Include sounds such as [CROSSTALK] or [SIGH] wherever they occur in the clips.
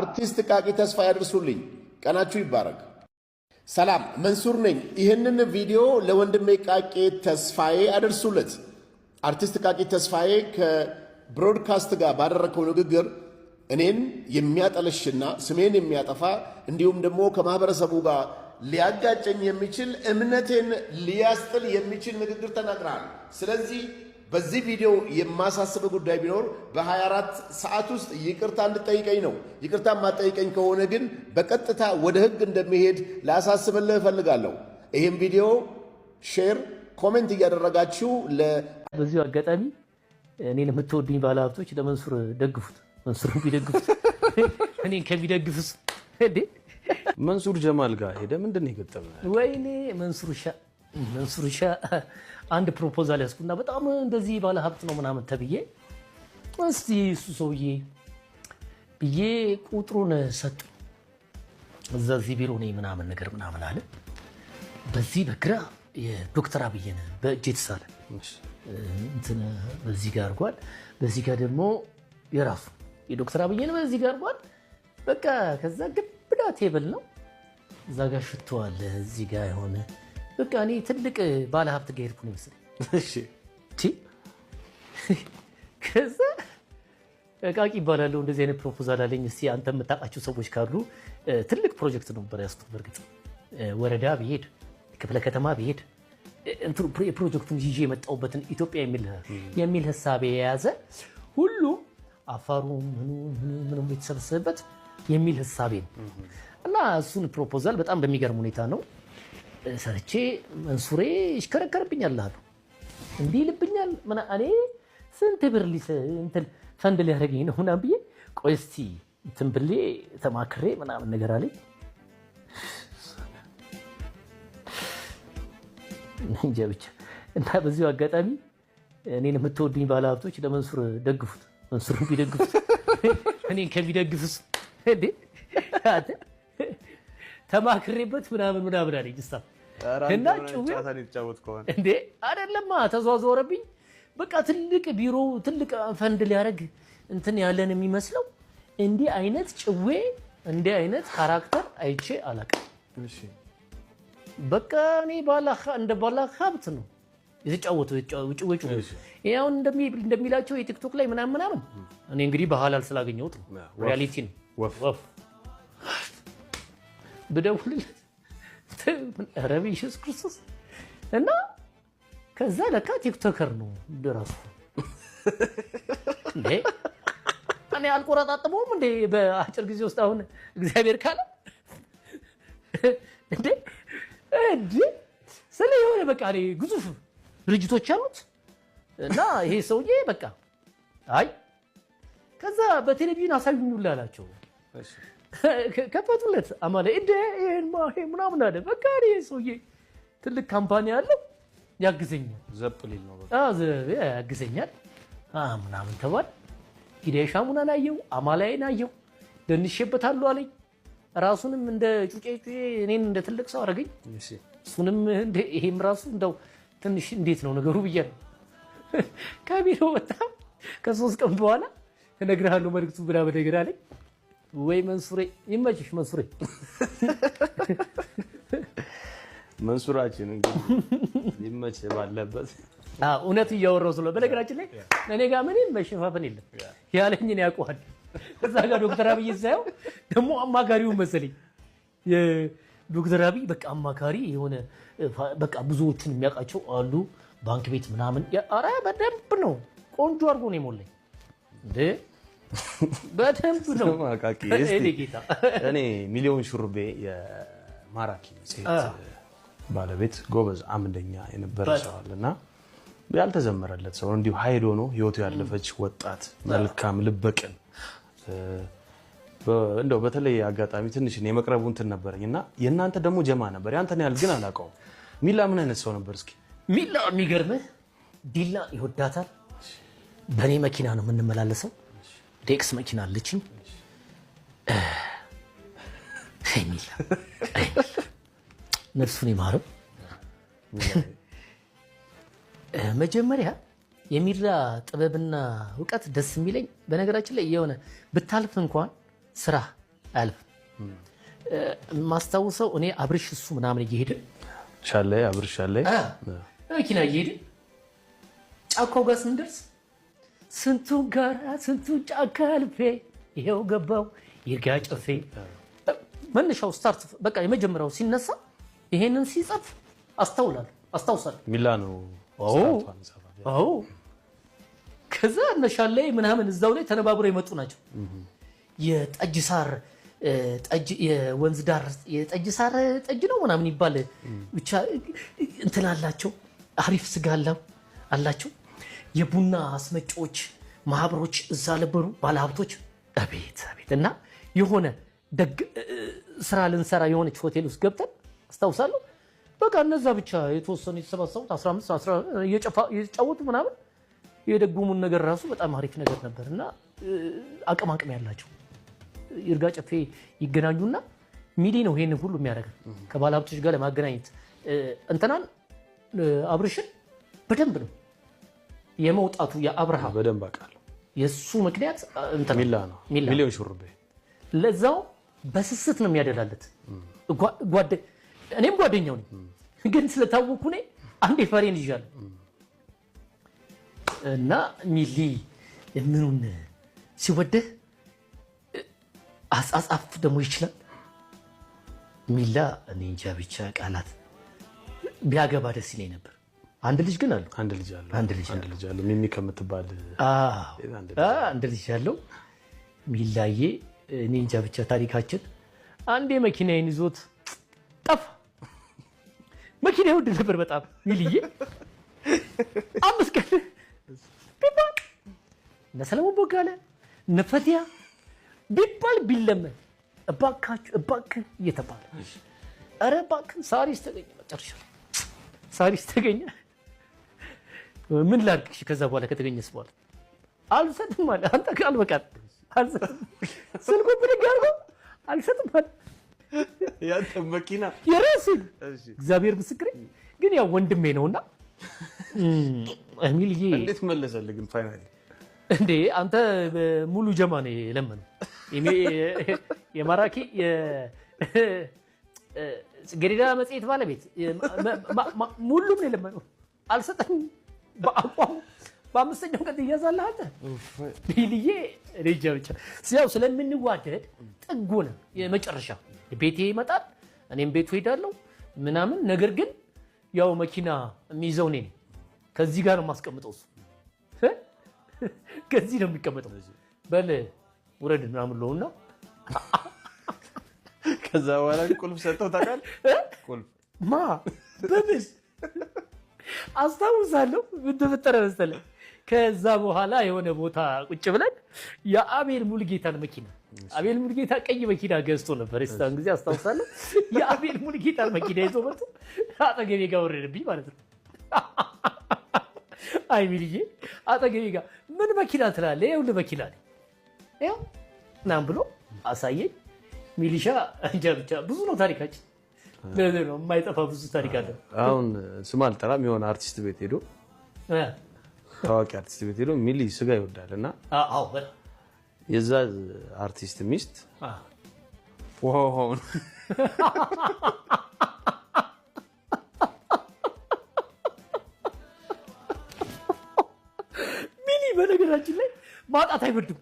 አርቲስት ቃቂ ተስፋ ያድርሱልኝ። ቀናችሁ ይባረግ። ሰላም መንሱር ነኝ። ይህንን ቪዲዮ ለወንድሜ ቃቂ ተስፋዬ አደርሱለት። አርቲስት ቃቂ ተስፋዬ ከብሮድካስት ጋር ባደረከው ንግግር እኔን የሚያጠለሽና ስሜን የሚያጠፋ እንዲሁም ደግሞ ከማህበረሰቡ ጋር ሊያጋጨኝ የሚችል እምነቴን ሊያስጥል የሚችል ንግግር ተናግራል።። ስለዚህ በዚህ ቪዲዮ የማሳስብ ጉዳይ ቢኖር በ24 ሰዓት ውስጥ ይቅርታ እንድጠይቀኝ ነው። ይቅርታ ማጠይቀኝ ከሆነ ግን በቀጥታ ወደ ህግ እንደሚሄድ ላሳስብልህ እፈልጋለሁ። ይህም ቪዲዮ ሼር፣ ኮሜንት እያደረጋችሁ በዚሁ አጋጣሚ እኔን የምትወዱኝ ባለሀብቶች ለመንሱር ደግፉት። መንሱር ቢደግፉት [LAUGHS] እኔን ከሚደግፍስ መንሱር ጀማል ጋር ሄደ ምንድን ነው የገጠመ? ወይኔ መንሱር ሻ መንሱር ሻ አንድ ፕሮፖዛል ያስኩና በጣም እንደዚህ ባለ ሀብት ነው ምናምን ተብዬ እስቲ እሱ ሰውዬ ብዬ ቁጥሩን ሰጥ እዛዚህ ቢሮ ነኝ ምናምን ነገር ምናምን አለ። በዚህ በግራ የዶክተር አብይን በእጅ የተሳለ እንትን በዚህ ጋር አድርጓል። በዚህ ጋር ደግሞ የራሱ የዶክተር አብይን በዚህ ጋር አድርጓል። በቃ ከዛ ግብዳ ቴብል ነው እዛ ጋር ሽቶ አለ እዚህ ጋር የሆነ በቃ እኔ ትልቅ ባለሀብት ጋር ሄድኩ ነው መሰለኝ። እሺ ከዛ ቃቂ ይባላሉ እንደዚህ አይነት ፕሮፖዛል አለኝ፣ እስኪ አንተ የምታውቃቸው ሰዎች ካሉ ትልቅ ፕሮጀክት ነበር ያዝኩት። በእርግጥ ወረዳ ብሄድ ክፍለ ከተማ ብሄድ የፕሮጀክቱን ይዤ የመጣሁበትን ኢትዮጵያ የሚል ህሳቤ የያዘ ሁሉ አፋሩ ምኑ የተሰበሰበበት የሚል ህሳቤ ነው እና እሱን ፕሮፖዛል በጣም በሚገርም ሁኔታ ነው ሰርቼ መንሱሬ ይሽከረከርብኛል አሉ። እንዲህ ይልብኛል ምና እኔ ስንት ብር እንትን ፈንድ ሊያደርገኝ ነው ምናምን ብዬ ቆይ እስቲ እንትን ብሌ ተማክሬ ምናምን ነገር አለኝ። እንጃ ብቻ እና በዚሁ አጋጣሚ እኔን የምትወዱኝ ባለሀብቶች ለመንሱር ደግፉት። መንሱር ቢደግፉት እኔን ከሚደግፍስ ተማክሬበት ምናምን ምናምን አለኝ ስታ እና ጭዌ እንዴ አይደለማ በቃ ትልቅ ቢሮ ትልቅ ፈንድ ሊያደርግ እንትን ያለን የሚመስለው እንዲህ አይነት ጭዌ እንዲህ አይነት ካራክተር አይቼ አላውቅም። በቃ እኔ እንደ ሀብት ነው የተጫወተው እንደሚላቸው የቲክቶክ ላይ ምናምን ምናምን እኔ እንግዲህ በሀላል ስላገኘሁት ነው። ሪያሊቲ ነው። ብደውልለት ኧረ በኢየሱስ ክርስቶስ እና ከዛ ለካ ቲክቶከር ነው ድረሱ እንዴ እኔ አልቆረጣጥመውም እንዴ በአጭር ጊዜ ውስጥ አሁን እግዚአብሔር ካለ እንዴ እንዴ ስለ የሆነ በቃ ግዙፍ ድርጅቶች አሉት እና ይሄ ሰውዬ በቃ አይ ከዛ በቴሌቪዥን አሳዩኝ ሁላ አላቸው። ከፈቱለት። አማላ እንደ ይሄን ማሄ ምናምን አለ። በቃ ይሄ ሰውዬ ትልቅ ካምፓኒ አለው ያግዘኛል፣ ዘብ ሊል ነው በቃ ያግዘኛል ምናምን ተባል። ሂደህ ሻሙናን አየው፣ አማላይን አየው፣ ደንሼበታለሁ አለኝ። ራሱንም እንደ ጩጬ ጩጬ እኔን እንደ ትልቅ ሰው አደረገኝ። እሱንም ይሄም ራሱ እንደው ትንሽ እንዴት ነው ነገሩ ብዬ ነው ከቢሮ ወጣ። ከሶስት ቀን በኋላ እነግርሃለሁ መልዕክቱ ብላ በደገዳ አለኝ። ወይ መንሱሬ ይመችሽ። መንሱሬ መንሱራችን ይመች ባለበት እውነት እያወራው ስለ በነገራችን ላይ እኔ ጋር ምንም መሸፋፈን የለም ያለኝን ያውቀዋል። እዛ ጋር ዶክተር አብይ ሳየው ደግሞ አማካሪውን መሰለኝ ዶክተር አብይ በቃ አማካሪ የሆነ በቃ ብዙዎቹን የሚያውቃቸው አሉ ባንክ ቤት ምናምን። ኧረ በደንብ ነው ቆንጆ አድርጎ ነው የሞላኝ። በደንብ ነው ማቃቂ። እኔ ሚሊዮን ሹርቤ የማራኪ መጽሔት ባለቤት ጎበዝ አምደኛ የነበረ ሰው አለና ያልተዘመረለት ሰው እንዲሁ ሀይል ሆኖ ህይወቱ ያለፈች ወጣት መልካም ልበቅን እንደው በተለይ አጋጣሚ ትንሽ የመቅረቡ እንትን ነበረኝ እና የእናንተ ደግሞ ጀማ ነበር። ያንተን ያህል ግን አላውቀውም። ሚላ ምን አይነት ሰው ነበር? እስኪ ሚላ የሚገርምህ ዲላ ይወዳታል። በእኔ መኪና ነው የምንመላለሰው ዴክስ መኪና አለችኝ ሚል ነፍሱን ይማረው። መጀመሪያ የሚራ ጥበብና እውቀት ደስ የሚለኝ በነገራችን ላይ የሆነ ብታልፍ እንኳን ስራ አያልፍም። ማስታውሰው እኔ አብርሽ እሱ ምናምን እየሄደ ሻለ አብርሽ ሻለ መኪና እየሄደ ጫካው ጋር ስንደርስ ስንቱን ጋራ ስንቱን ጫካ አልፌ ይሄው ገባው የጋጨፌ መነሻው ስታርት በቃ የመጀመሪያው ሲነሳ ይሄንን ሲጽፍ አስተውላለሁ አስታውሳለሁ። ሚላ ነው። ከዛ እነሻን ላይ ምናምን እዛው ላይ ተነባብሮ የመጡ ናቸው። የጠጅ ሳር የወንዝ ዳር የጠጅ ሳር ጠጅ ነው ምናምን ይባል ብቻ እንትን አላቸው። አሪፍ ስጋ አላቸው የቡና አስመጪዎች ማህበሮች እዛ ነበሩ፣ ባለሀብቶች። አቤት አቤት! እና የሆነ ደግ ስራ ልንሰራ የሆነች ሆቴል ውስጥ ገብተን አስታውሳለሁ። በቃ እነዛ ብቻ የተወሰኑ የተሰባሰቡት 15 ምናምን የደጉሙን ነገር ራሱ በጣም አሪፍ ነገር ነበር እና አቅም አቅም ያላቸው ይርጋ ጨፌ ይገናኙና ሚሊ ነው ይሄንን ሁሉ የሚያደርግ ከባለሀብቶች ጋር ለማገናኘት እንትናን አብርሽን በደንብ ነው የመውጣቱ የአብርሃም በደንብ አውቃለሁ። የእሱ ምክንያት ሚላ ነው ሚሊዮን ሹርቤ ለዛው በስስት ነው የሚያደላለት። እኔም ጓደኛው ነኝ፣ ግን ስለታወኩ እኔ አንዴ ፈሬን ይዣለሁ እና ሚሊ ምኑን ሲወደህ አጻጻፍ ደግሞ ይችላል ሚላ። እኔ እንጃ ብቻ ቃላት ቢያገባ ደስ ይለኝ ነበር። አንድ ልጅ ግን አለው። አንድ ልጅ አለው። አንድ ልጅ አንድ ልጅ አለው። ሚሚ ከምትባል አንድ ልጅ አለው። ሚላየ እኔ እንጃ ብቻ ታሪካችን አንዴ መኪናዬን ይዞት ጠፋ። መኪና ውድ ነበር በጣም ሚልዬ። አምስት ቀን ቢባል እነ ሰለሞን ቦጋለ እነ ፈቲያ ቢባል ቢለመን እባካችሁ እባክህ እየተባለ ኧረ እባክህ ሳሪስ ተገኘ መጨረሻ ሳሪስ ተገኘ። ምን ላድርግ? እሺ ከዛ በኋላ ከተገኘስ በኋላ አልሰጥም አለ። አንተ ቃል በቃል አልሰጥም ስልኩ ብድግ አድርጎ አልሰጥም አለ። ያንተ መኪና የራሴ እግዚአብሔር ምስክሬ። ግን ያው ወንድሜ ነውና ሚልዬ እንዴት መለሰልህ? ግን ፋይናሊ እንዴ አንተ ሙሉ ጀማ ነው የለመነው የማራኪ ጽጌረዳ መጽሔት ባለቤት ሙሉም ነው የለመነው። አልሰጠም በአቋም በአምስተኛው ቀን ትያዛለህ አንተ ሬጃ ብቻ ያው ስለምንዋደድ ጥጉ ነው የመጨረሻ ቤቴ ይመጣል፣ እኔም ቤቱ ሄዳለሁ ምናምን። ነገር ግን ያው መኪና የሚይዘው እኔ ከዚህ ጋር ነው የማስቀምጠው፣ እሱ ከዚህ ነው የሚቀመጠው። በል ውረድ ምናምን ለውና ከዛ በኋላ ቁልፍ ሰጠው ታውቃለህ። ማ በብስ አስታውሳለሁ። ምን ተፈጠረ መሰለህ? ከዛ በኋላ የሆነ ቦታ ቁጭ ብለን የአቤል ሙልጌታን መኪና አቤል ሙልጌታ ቀይ መኪና ገዝቶ ነበር ስታን ጊዜ አስታውሳለሁ። የአቤል ሙልጌታን መኪና ይዞ መጡ። አጠገቤ ጋር ወረደብኝ ማለት ነው። [LAUGHS] አይ ሚልዬ አጠገቤ ጋር ምን መኪና ትላለ? ይኸውልህ መኪና ነኝ ናም ብሎ አሳየኝ። ሚሊሻ እንጃ ብቻ ብዙ ነው ታሪካችን። ነው የማይጠፋ ብዙ ታሪክ አለ። አሁን ስም አልጠራም። የሆነ አርቲስት ቤት ሄዶ ታዋቂ አርቲስት ቤት ሄዶ ሚሊ ስጋ ይወዳል እና የዛ አርቲስት ሚስት ውሃውሃውን ሚሊ በነገራችን ላይ ማጣት አይወድም።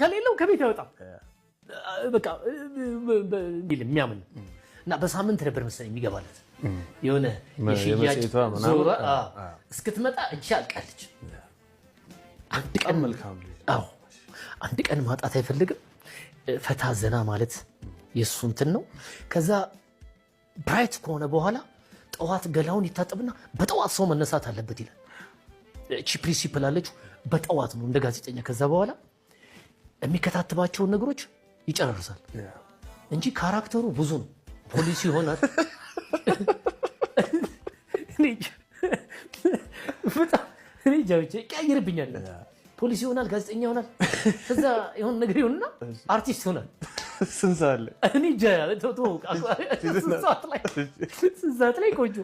ከሌለው ከቤት አይወጣም። በቃ የሚያምን እና በሳምንት ነበር መሰለኝ የሚገባለት የሆነ የሽያጭ እስክትመጣ እቺ አልቃለች። አንድ ቀን ማጣት አይፈልግም። ፈታ ዘና ማለት የእሱ እንትን ነው። ከዛ ብራይት ከሆነ በኋላ ጠዋት ገላውን ይታጠብና በጠዋት ሰው መነሳት አለበት ይላል። እቺ ፕሪንሲፕል አለችው። በጠዋት ነው እንደ ጋዜጠኛ። ከዛ በኋላ የሚከታተባቸውን ነገሮች ይጨርሳል እንጂ ካራክተሩ ብዙ ነው። ፖሊሲ ይሆናል። ይቀያየርብኛል። ፖሊሲ ይሆናል፣ ጋዜጠኛ ይሆናል፣ ከዛ የሆነ ነገር ይሆንና አርቲስት ይሆናል። ስንት ሰዓት ላይ ስንት ሰዓት ላይ ቆንጆ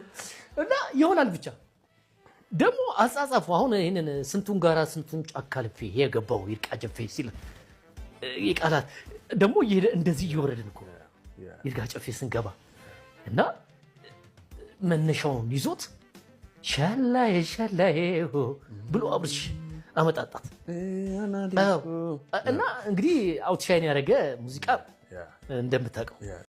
እና ይሆናል ብቻ ደግሞ አጻጻፉ አሁን ይህንን ስንቱን ጋራ ስንቱን ጫካ ልፌ የገባው ይርቃ ጀፌ ሲል የቃላት ደግሞ እየሄደ እንደዚህ እየወረድን እኮ ይርጋ ጨፌ ስንገባ እና መነሻውን ይዞት ሸላዬ ሸላዬ ብሎ አብርሽ አመጣጣት እና እንግዲህ አውትሻይን ያደረገ ሙዚቃ እንደምታውቀው